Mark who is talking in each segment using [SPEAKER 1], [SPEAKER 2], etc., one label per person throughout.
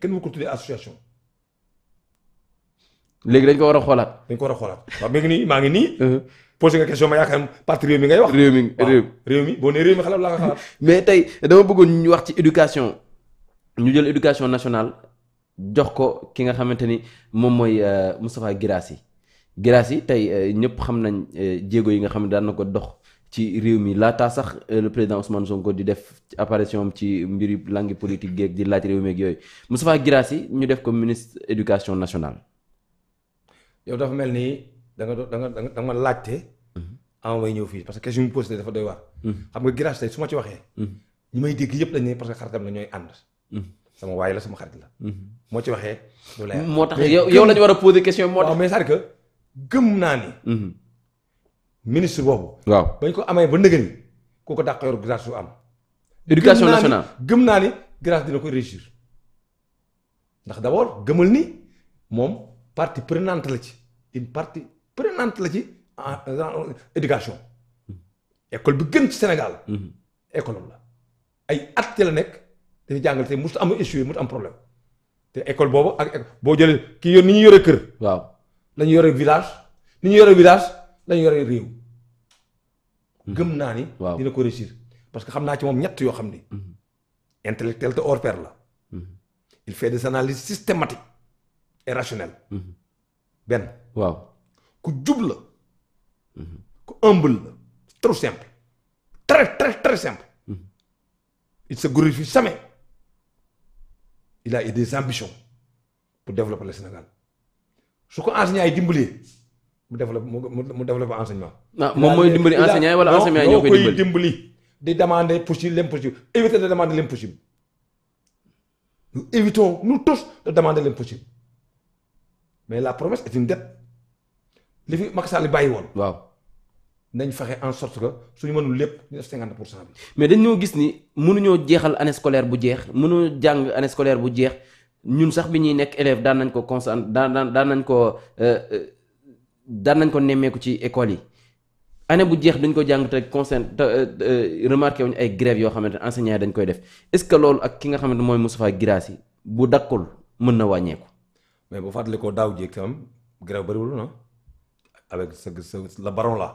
[SPEAKER 1] kenn mu ko tuddee association. léegi dañ ko war a xoolaat. dañ ko war a xoolaat waaw mi ngi nii maa ngi nii. Uh-huh. posé nga question ma yaakaar ne parti réew mi ngay wax. réew mi réew mi boo nee réew mi xalaat laa ko xalaat.
[SPEAKER 2] mais tey dama bëggoon ñu wax ci éducation ñu jël éducation nationale jox ko ki nga xamante ni moom mooy yi euh, Guirassy yi tey euh, ñëpp xam nañ euh, jéego yi nga xam ne daan na ko dox. ci réew mi laataa sax euh, le président Ousmane Sonko di def apparition am ci mbiri langue politique geeg di laaj réew meeg yooyu Moustapha Guirassy ñu def ko ministre éducation nationale.
[SPEAKER 1] yow dafa mel ni da nga da nga da nga laajte. ama mm-hmm. may ñëw fii parce que question bi dafa doy waar. Mm-hmm. xam nga Guirassy tey su ma ci waxee. Mm-hmm. ñi may dégg yëpp dañ ne parce que xaritam la ñooy ànd. sama waay la sama xarit la. moo ci waxee. du
[SPEAKER 2] la moo tax yow yow la ñu war
[SPEAKER 1] a poser question moo tax mais cest à naa ni. ministre boobu. waaw bañ ko amee ba nëgën ku ko dàq yor grâce su am.
[SPEAKER 2] éducation nationale
[SPEAKER 1] gëm naa ni grâce dina ko réussir ndax d' abord gëmal ni moom parti prenante la ci une partie prenante la ci en éducation école bi gën ci Sénégal. Mm-hmm. école la ay at ci la nekk dañuy jàngal te mosut am échoué mosut am problème te école boobu ak boo jëlee kii yor ni ñu yore kër. waaw lañu ñu yore village ni ñu yore village. lañuy yore réew. Hmm. gëm naa ni. waaw dina ko réussir parce que xam naa ci moom ñett yoo xam ni. Hmm. intellectuel te hors pair la. Hmm. il fait des analyses systématiques et rationnelles. benn. waaw ku jub la. ku humble la. trop simple. très très très simple. il se glorifie jamais. il a des ambitions pour développer le Sénégal su ko enseignants yi dimbalee. mu développé mu développé enseignement. ah moom mooy dimbali enseignant yi wala enseignant yi ñoo koy dimbali di demander possible l'impossible éviter de demander l'impossible nous évitons nous tous de demander l'impossible mais la promesse est une dette li fi Macky Sall bàyyi woon. waaw nañ fexe en sorte que suñu mënul lépp ñu def cinquante pour cent
[SPEAKER 2] bi. mais dañoo gis ni mënuñoo jeexal année scolaire bu jeex mënuñoo jàng année scolaire bu jeex ñun sax bi ñuy nekk élève daan nañ ko constant daan daan daan nañ ko. Euh, euh, daan nañ ko nemmeeku ci école yi année bu jeex dañ ko jàng te concerne euh, euh, remarqué wuñ ay grève yoo xamante ne enseignants yi dañ koy def est-ce que loolu ak ki nga ne mooy Moustapha Guirassy bu dakkul mën na wàññeeku.
[SPEAKER 1] mais bu fàttali ko daaw jéeg tam grève bëriwul na avec sa sa la baron la.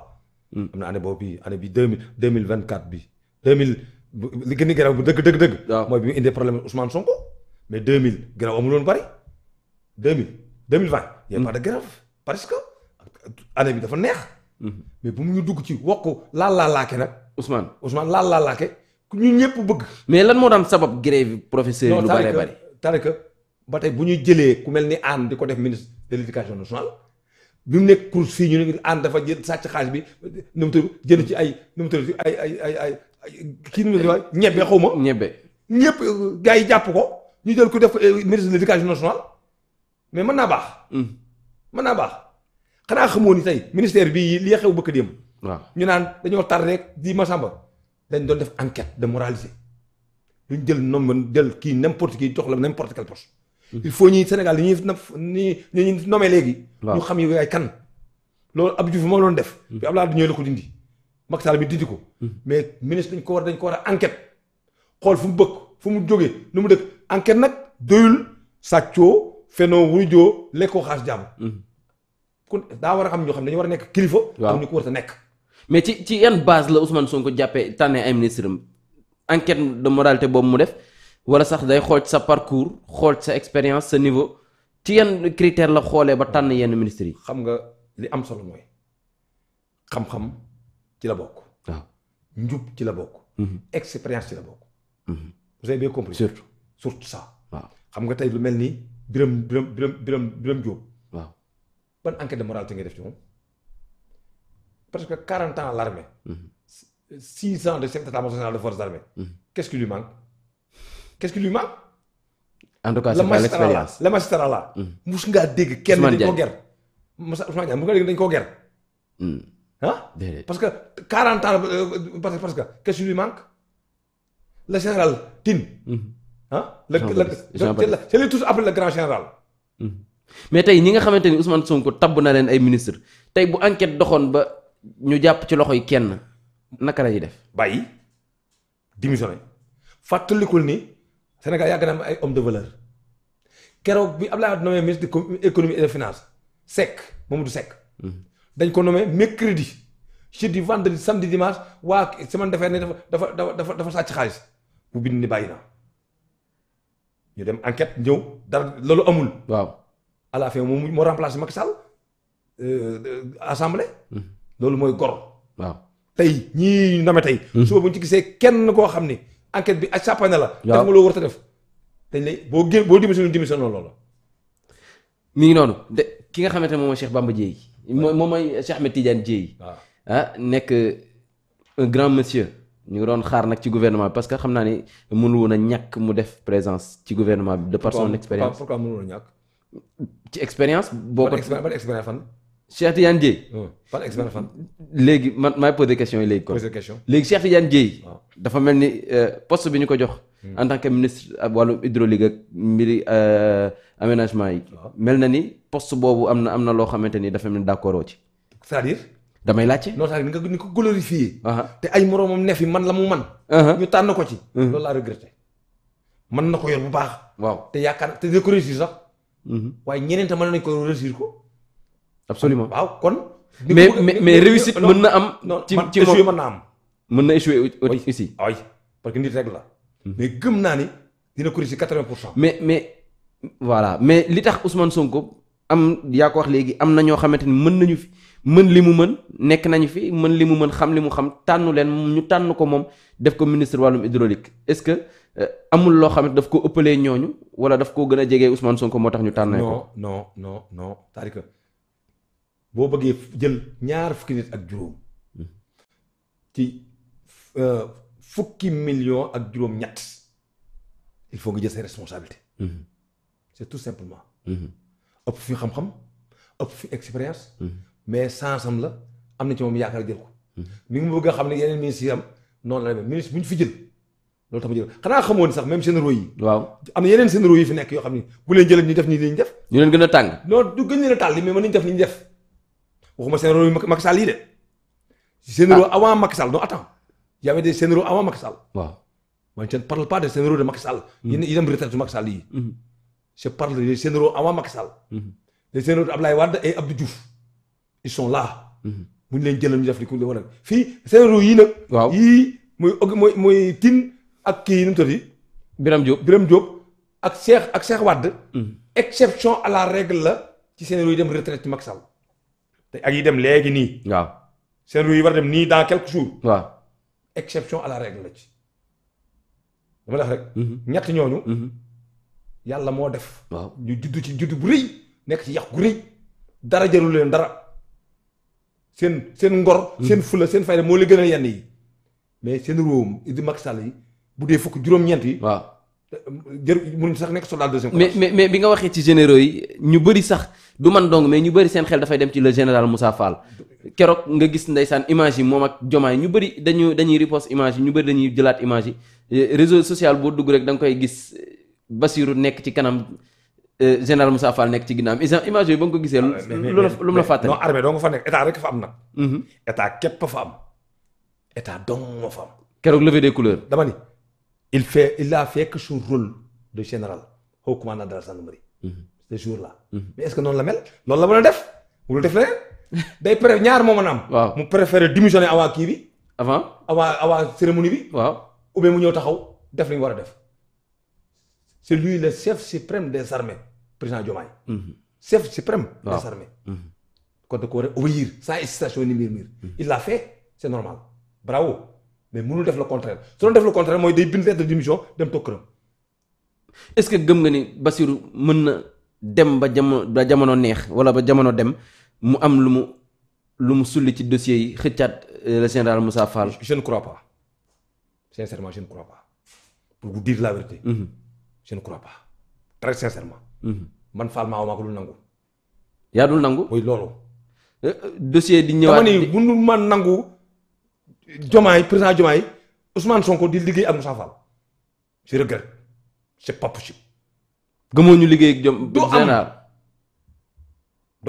[SPEAKER 1] Hmm. am na année boobu année bi deux mille deux mille vingt quatre bi deux mille li gën a bu dëgg dëgg dëgg. waaw mooy bi mu indee problème Ousmane Sonko mais deux mille grève amul woon bëri deux mille deux mille vingt. y a année bi dafa neex. Mhm. mais bu mu ñu dugg ci wokk laal laa laake nag. Ousmane Ousmane laal laa laake ku ñu ñëpp bëgg.
[SPEAKER 2] mais lan moo daan sabab grève
[SPEAKER 1] professeur yi lu bari bari tarika ba tey bu ñu jëlee ku mel ni Anne di ko def ministre de l' éducation bi mu nekk course fii ñu ne Anne dafa jël sàcc xaalis bi nu mu tudd ci ay nu mu tudd ay ay ay ay kii nu xaw ma. ñebe ñëpp gars yi jàpp ko ñu jël ku def ministre de l' éducation nationale mais mën naa baax. Mm. mën naa baax. xanaa xamoo ni tey ministère bii li xew bëgg démb. ñu naan dañoo tar rek di Massamba dañ doon def enquête de moralité ñu jël nombre jël kii n'importe qui jox la n'importe quel poste. Hmm. il faut ñuy Sénégal li ñuy ni ñu ñu nommé léegi. ñu xam yi ay kan. loolu ab Abdou Diouf moo loon def. bi hmm. Abdoulaye Wade ñëw la ko dindi. Macky Sall bi dindi ko. Hmm. mais ministre dañ ko war dañ ko war a enquête. xool fu mu bëgg fu mu jógee nu mu dëkk enquête nag doyul sàccoo fenoo wurujoo lekkoo xaas jàmm. ku daa war a xam ñoo
[SPEAKER 2] xam dañu war a nekk kilifa. waaw ñu ko war a mais ci ci yan base la Ousmane Sonko jàppee tànnee ay ministre am enquête de moralité boobu mu def wala sax day xool sa parcours xool sa expérience sa niveau ci yan critère la xoolee ba tànn yenn ministres yi. xam nga li am solo mooy xam-xam ci la bokk. waaw njub ci la bokk.
[SPEAKER 1] Mhm. expérience ci la bokk. Mhm. vous avez bien compris. surtout sax waaw xam nga tey lu mel ni Birame Birame Birame Birame Diop. ban enquête de moralité ngay def ci moom parce que 40 ans à l'armée. 6 ans de chef d'état-major général de forces armées. qu'est-ce qui lui manque qu'est-ce qui manque.
[SPEAKER 2] en tout cas c'est pas l'expérience la
[SPEAKER 1] magistrat la mus ngaa dégg kenn dañ koo ger. Ousmane Diagne mus ngaa dégg dañ koo ger. parce que 40 ans parce que parce que qu'est-ce manque le général Tine. ah le le c'est le tous après le grand général.
[SPEAKER 2] mais tey ñi nga xamante ni Ousmane Sonko tabb na leen ay ministre tey bu enquête doxoon ba ñu jàpp ci loxoy kenn naka la ñuy def. bàyyi démissionné fàttalikul
[SPEAKER 1] ni Sénégal yàgg na am ay homme de valeur keroog bi Abdoulaye Wade nommé ministre de économie et des finances Seck du sekk hmm. dañ ko nommé mercredi jeudi vendredi samedi dimanche waa semaine defee ne dafa dafa dafa dafa sàcc xaalis bu bind ni bàyyi na ñu dem enquête ñëw dara loolu amul. waaw. à moom moo remplacé Macky Sall euh, euh, assemblée. Hmm. loolu mooy gor. waaw tey ñii ñu name tey. Hmm. suba bu ñu ci gisee kenn koo xam ni enquête bi ak na la. waaw def nga loo def. dañ lay boo gé boo démissionné démissionné loolu
[SPEAKER 2] ngi noonu de ki nga xamante ne moom mooy Cheikh Bamba Dièye. waaw moom mooy Cheikh Ahmed Tidiane Dièye. waaw ah nekk euh, un grand monsieur. ñu ngi doon xaar nag ci gouvernement bi parce que xam naa ni mënul woon a ñàkk mu def présence ci gouvernement bi. de par son expérience
[SPEAKER 1] pourquoi mënul woon a ñàkk. ci expérience. boo ko ban expérience fan.
[SPEAKER 2] Cheikh Tidiane Dièye. Hmm, ban expérience fan. léegi man maay poser question yi léegi kon. poser question léegi Cheikh Tidiane Dièye. Ah. dafa mel ni euh, poste bi ñu ko jox. Hmm. en tant que ministre ak wàllu hydraulique ak mbiri euh, aménagement yi. Ah. mel na ni poste boobu am na am na loo xamante ni dafa mel ni d'accord ci. c'est-à-dire. damay laajte non c'est-à-dire ni ko glorifié. Ah. te ay moroomam neef yi man la mu man uh-huh. ñu tànn ko ci. Uh-huh. loolu
[SPEAKER 1] laa regretté. mën na ko yor bu baax. waaw te yaakaar te dina ko réussir sax. Mm-hmm. waaye ñeneen tam mën nañ ko réussir ko. absolument waaw kon.
[SPEAKER 2] mais mais réussite mën na am. ci ci moom mën na am. mën na échouer aussi. ay parce que nit rek la. Mm-hmm. mais gëm naa ni dina
[SPEAKER 1] ko réussir pour cent. mais
[SPEAKER 2] mais voilà mais li tax Ousmane Sonko am yaa ko wax léegi am na ñoo xamante ni mën nañu fi. mën li mu mën nekk nañu fi mën li mu mën xam li mu xam tànnu leen ñu tànn ko moom def ko ministre wàllum hydraulique est-ce que euh, amul loo xam ne daf ko ëppalee ñooñu wala daf koo gën a jege Ousmane ko moo tax ñu tànnee ko.
[SPEAKER 1] non non non cest que boo bëggee jël ñaar fukki nit ak juróom hmm. ci euh, fukki million ak juróom-ñett il faut nga jël ses responsabilités. Hmm. c'est tout simplement. Hmm. ëpp fi xam-xam ëpp fi expérience. mais chance am la am na ci moom yaakaar jël ko. mi ngi bëgg a xam ne yeneen ministres yi am noonu la demee ministre bu ñu fi jël loolu tax ma jël xanaa même généraux yi. waaw am na yeneen généraux yi nekk yoo xam ni bu leen jëlee ñu def nii li ñu def.
[SPEAKER 2] ñu leen gën a tàng.
[SPEAKER 1] non du gën leen a tàlli mais mën nañu def li ñu def waxuma généraux yi Macky Sall yi de. généraux ah. avant Macky Sall non attends y avait des généraux avant Macky waaw man je ne parle pas de Macky Sall. Mm-hmm. yéen yi dem retraite Macky Sall yi. Mm-hmm. je parle des généraux avant Macky Sall.
[SPEAKER 2] les mm-hmm.
[SPEAKER 1] généraux de Abdoulaye Wade et ils sont là. bu mhm. ñu leen jëlal ñu def li ku ñu war a fii seen roue yii nag. waaw yii muy muy muy tin ak kii nu mu tëddee. Birame Diop Birame ak seex ak Cheikh Wade. Mhm. exception à la règle la ci seen roue yi dem retraite Macky Sall. te ak yi dem léegi nii. waaw seen roue yi war a dem nii dans quelques jours. waaw exception à la règle la ci. dama la wax rek. Mhm. ñett ñooñu. yàlla moo def. waaw ñu judd ci judd bu rëy nekk ci yàq gu rëy dara jarul dara. seen seen ngor. Mm. seen fula seen fayda moo la gën a yenn yi. mais seen réewum di Macky Sall yi
[SPEAKER 2] bu dee fukk juróom-ñeent yi. waaw
[SPEAKER 1] jër mun sax nekk soldat deuxième classe. mais
[SPEAKER 2] mais bi nga waxee ci généraux yi ñu bëri sax du man dong mais ñu bëri seen xel dafay dem ci la général Moussa Fall. keroog nga gis ndeysaan image yi moom ak jomaay ñu bëri dañu dañuy repost image yi ñu bëri dañuy jëlaat image yi réseau social boo dugg rek danga koy gis Basiru nekk ci kanam. Euh, général Moussa Fall nekk ci ginnaawam image yooyu ba nga ko gisee. Ah, lu lu mu la fàttali. non armée doo
[SPEAKER 1] nga fa nekk état rek fa am nag. Mhm. état képp
[SPEAKER 2] fa am. état dong fa am. keroog levée des couleurs.
[SPEAKER 1] dama ni il fait il a fait que son de général haut commandant de la gendarmerie. Mhm. ce jour là. Mhm. mais est ce noonu la mel loolu la mën a def wala def leneen day pré ñaar moo a am. waaw mu préféré démissionner avant kii bi. avant cérémonie bi. waaw ou mu ñëw taxaw def li ñu war a def. le chef suprême des armées. président Diomaye. Mhm. chef suprême. waaw des armées. Mhm. kon da ko war a obéir sans hésitation ni murmure. Mhm. il l'a fait c'est normal bravo mais mënul def la contraire su doon def le contraire mooy day bind lettre de démission dem toog
[SPEAKER 2] est-ce que gëm nga ni Bassirou mën na dem ba jamono ba jamono neex wala ba jamono dem mu am lu mu lu mu sulli ci dossier yi xëccaat euh, le général Moussa Fall. je ne pour vous dire la vérité. Mm -hmm. je Mm-hmm.
[SPEAKER 1] man Fall Maaw maa ko dul nangu. yaa dul nangu. mooy loolu.
[SPEAKER 2] Eh, eh, dossier di ñëwaat dama
[SPEAKER 1] ni ma nangu Diomaye président Diomaye Ousmane Sonko di liggéey ak Moussa Fall. je regrette c'est pas possible. gëmoo ñu liggéey ak Jom. du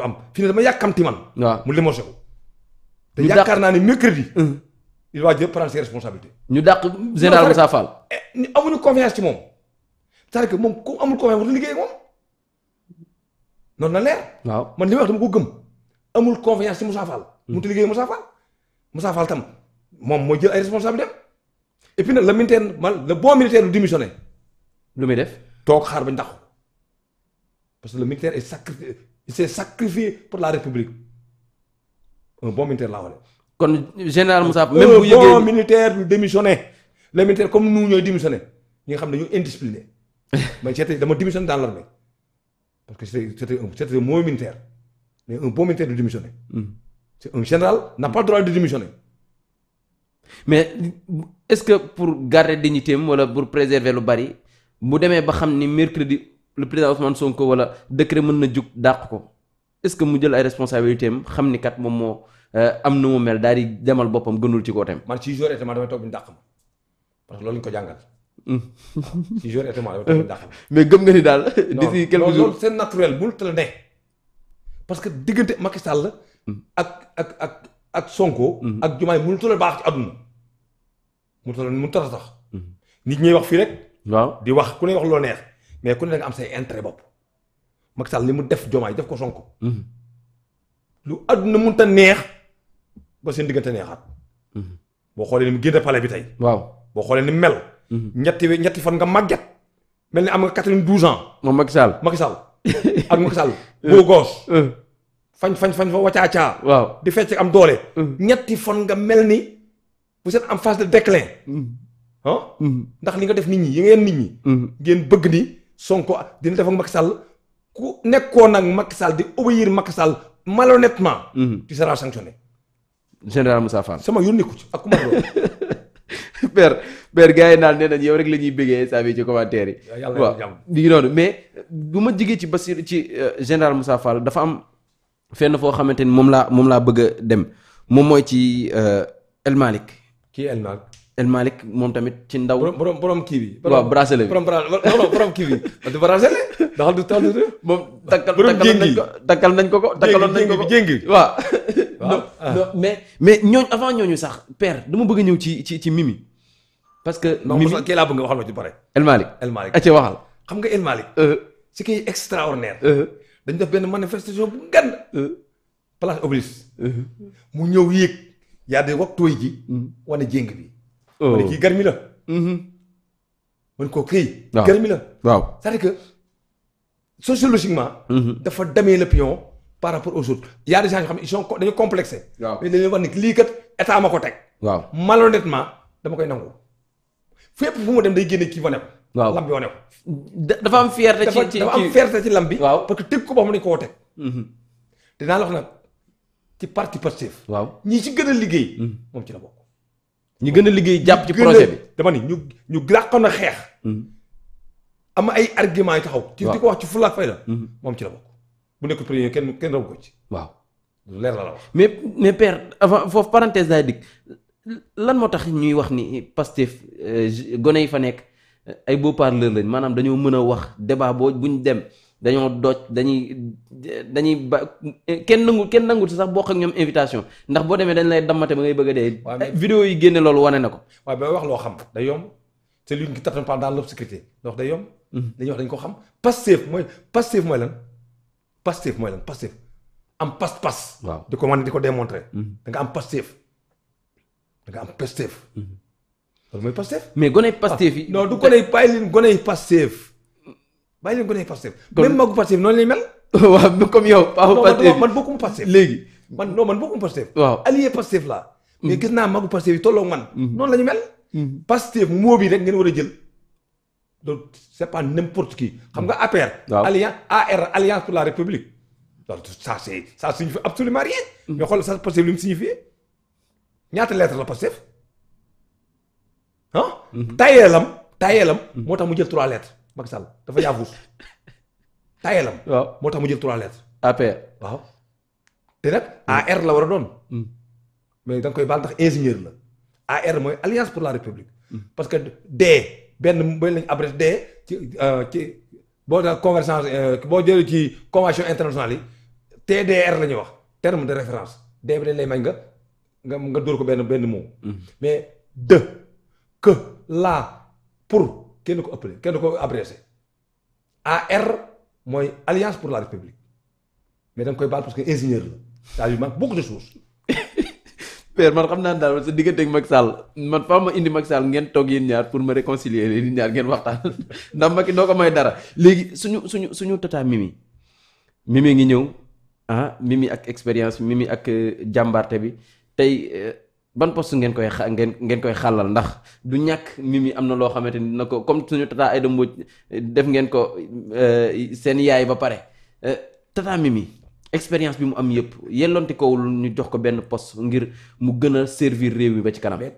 [SPEAKER 1] am du ne dama yàkkamti man. waaw mu limogé ko. te yaakaar naa ne mercredi. Mm-hmm. il va prendre ses responsabilités. ñu dàq général Moussa Fall. Eh, amuñu confiance ci moom. cest à moom ku amul confiance war liggéey moom. noonu la leer. waaw man li ma wax dama ko gëm. amul confiance ci Moussa Fall. mënut hmm. a liggéey Moussa Fall. tam moom mooy jël ay responsable dem et puis nag le militaire man le bon militaire du lu muy def toog xaar bañ taxaw parce que le militaire est sacrifié il la république un bon militaire kon général Moussa même bu yëgee un bon militaire du comme nous ñooy démissionné ñi nga xam ne dañoo indiscipliné man seet dama démissionné dans l'armée parce que c'était un c'était un mauvais militaire mais un bon militaire du démissionner. Hmm. c'est un général n'a pas le droit de démissionner.
[SPEAKER 2] mais est-ce que pour garder dignité am wala pour préserver lu bari bu demee ba xam ni mercredi le président Ousmane Sonko wala décret mën na jug dàq ko est-ce que mu jël ay responsabilités am xam ni kat moom moo euh, am nu mu mel daal di demal boppam gënul ci kooteem.
[SPEAKER 1] man ci jour itam damay toog ñu dàq ma parce que loolu ñu ko jàngal. si jour étudiant mais gëm nga ni daal. d'ici quelques seen c'est naturel bul te la ne. parce que diggante Macky Sall. Mm. ak ak ak ak Sonko. Mm. ak Diomaye mënut a baax ci àdduna. mënut a mënut a sax. Mm. nit ñi wax fii rek. waaw di wax ku ne wax loo neex mais ku ne nga am say intérêt bopp. Macky Sall li mu def Diomaye def ko Sonko. lu àdduna mënut a neex ba seen diggante neexaat. boo xoolee ni mu génn palais bi tey. waaw boo xoolee ni mu mel. Mhm. ñetti ñetti fan nga màgget. mel ni am nga quatre-vingt-douze ans. moom Macky Sall Macky Sall ak Macky Sall. Euh. goos. Euh. fañ fañ fañ fa wacaacaa. waaw di fecc am doole. Euh. ñetti fan nga mel ni. vous êtes en phase de déclin. Mhm. Mhm. ndax li nga def nit ñi yi ngeen nit ñi. ngeen bëgg ni Sonko dina def ak Macky Sall ku nekkoon ak Macky Sall di obéir Macky Sall malhonnêtement. tu seras
[SPEAKER 2] sanctionné. général Moussa Fall sama yónneeku ci ak ku ma doon. père père gars yi naan nee nañ yow rek la bëggee saa bi ci commentaire yi. waaw di mais bu ma jigee ci Basir ci euh, général Moussa Fall dafa am fenn foo xamante ni moom laa moom laa bëgg dem moom mooy ci euh, El Malick. kii El Malick. El moom tamit ci ndaw. borom borom kii bi. waaw bracelet bi borom borom kii bi. parce que bracelet ndax du tax du moom takkal nañ ko ko nañ ko ko jéngi waaw non non ah. mais mais ñooñ avant ñooñu sax per dama bëgg ñëw ci ci ci Mimi. parce que. mimi non kii laa bëgg nga waxal ma ci pare. El Malick El Malick waxal. xam nga El Malick. Euh. ce qui
[SPEAKER 1] est extraordinaire. Euh. dañ def benn manifestation bu ngand. Euh. place Obélisque. mu ñëw yéeg. yaa de wax tooy ji. Mm. wane jéng bi. ma oh. kii garmi la. Mm-hmm. waaw garmi la. waaw c'est-à-dire mm-hmm. dafa demee le pion par rapport aux autres. y a des gens yoo xam dañu complexé. waaw mais dama koy nangu. fépp fu mu dem day génne ci wane ko. waaw lamb bi wane ko. dafa am fierté ci ci dafa am fierté ci lamb bi. waaw parce que teg ko boo xam ne dañu mm-hmm. la wax ci parti Pastef. waaw ñi ci gën a liggéey. Mm-hmm. moom ci la bokk. ñi gën liggéey jàpp ci projet bi dama ni ñu ñu làqoon a xeex. Mm-hmm. am ay argument yu taxaw. ci di ko wax ci fulaak
[SPEAKER 2] fay la. moom ci la bokk bu nekk premier kenn raw ko ci. waaw leer la la wax. mais mais père foofu parenthèse laay dikk lan moo tax ñuy wax ni Pastef euh, gone yi fa nekk euh, ay beau-parleur lañ maanaam dañoo mën a wax débat boo buñ dem dañoo doj dañuy dañuy ba kenn nangu kenn nangu sax bokk ak ñoom invitation ndax boo demee dañ lay dammate ba ngay bëgg dee. waaw vidéo yi génne loolu wane na ko.
[SPEAKER 1] waaw ba wax loo xam day yomb c'est lui qui tape dans l'obscurité wax day yomb. Mm-hmm. dañuy wax dañ ko xam Pastef mooy Pastef mooy lan Pastef mooy lan Pastef am pas-pas. di ko wane di ko démontrer. Mm-hmm. da da nga am Pastef. loolu mooy mais goney Pastef yi. Ah, non du goney bàyyi leen goney Pastef bàyyi leen goney Pastef. même magu Pastef noonu lay mel. waaw comme yow. paawu Pastef man bokkuma léegi. man non man bokkuma Pastef. waaw allié Pastef mm. gis naa magu Pastef yi tolloo man. Mm. noonu la ñu mel. Mm. Pastef moo bi rek ngeen war a jël. donc c'est pas n'importe qui. xam nga APR. waaw alliance pour la république. donc ça c'est ça signifie absolument rien. mais xool ça Pastef li ñaata lettre la Pastef ah. tayeelam tayeelam. Mhm. moo tax mu jël trois lettres Macky Sall dafa yaafu tayeelam. waaw moo tax mu jël trois lettres. APR waaw. te nag AR la war a doon. Mhm. mais da koy baal ndax ingénieur la. AR mooy alliance pour la république. parce que D benn benn lañ abrégé D ci euh, ci boo da convergence euh, boo jëlee ci convention internationale yi TDR la ñuy wax terme de référence D bi dañ lay may nga. nga nga dóor ko benn benn moom mm. mais de que la pour kenn ko ëppale kenn ko abrégé AR mooy alliance pour la république mais da nga koy baal parce que ingénieur la ça lui manque beaucoup de choses.
[SPEAKER 2] père man xam naa daal sa digganteeg Macky Sall man faa ma indi Macky Sall ngeen toog yéen ñaar pour ma réconcilier yéen ñaar ngeen waxtaan ndax Macky doo ko may dara léegi suñu suñu suñu tata Mimi Mimi ngi ñëw ah Mimi ak expérience Mimi ak euh, jàmbarte bi. tey eh, ban poste ngeen koy xa ngeen ngeen koy xàllal ndax du ñàkk Mimi am na loo xamante ni dina ko comme suñu tata Aïda Mbodj eh, def ngeen ko eh, seen yaay ba pare tata Mimi expérience bi mu am yëpp yelloonti kowul ñu jox ko benn post ngir mu gën a servir réew mi ba ci kanam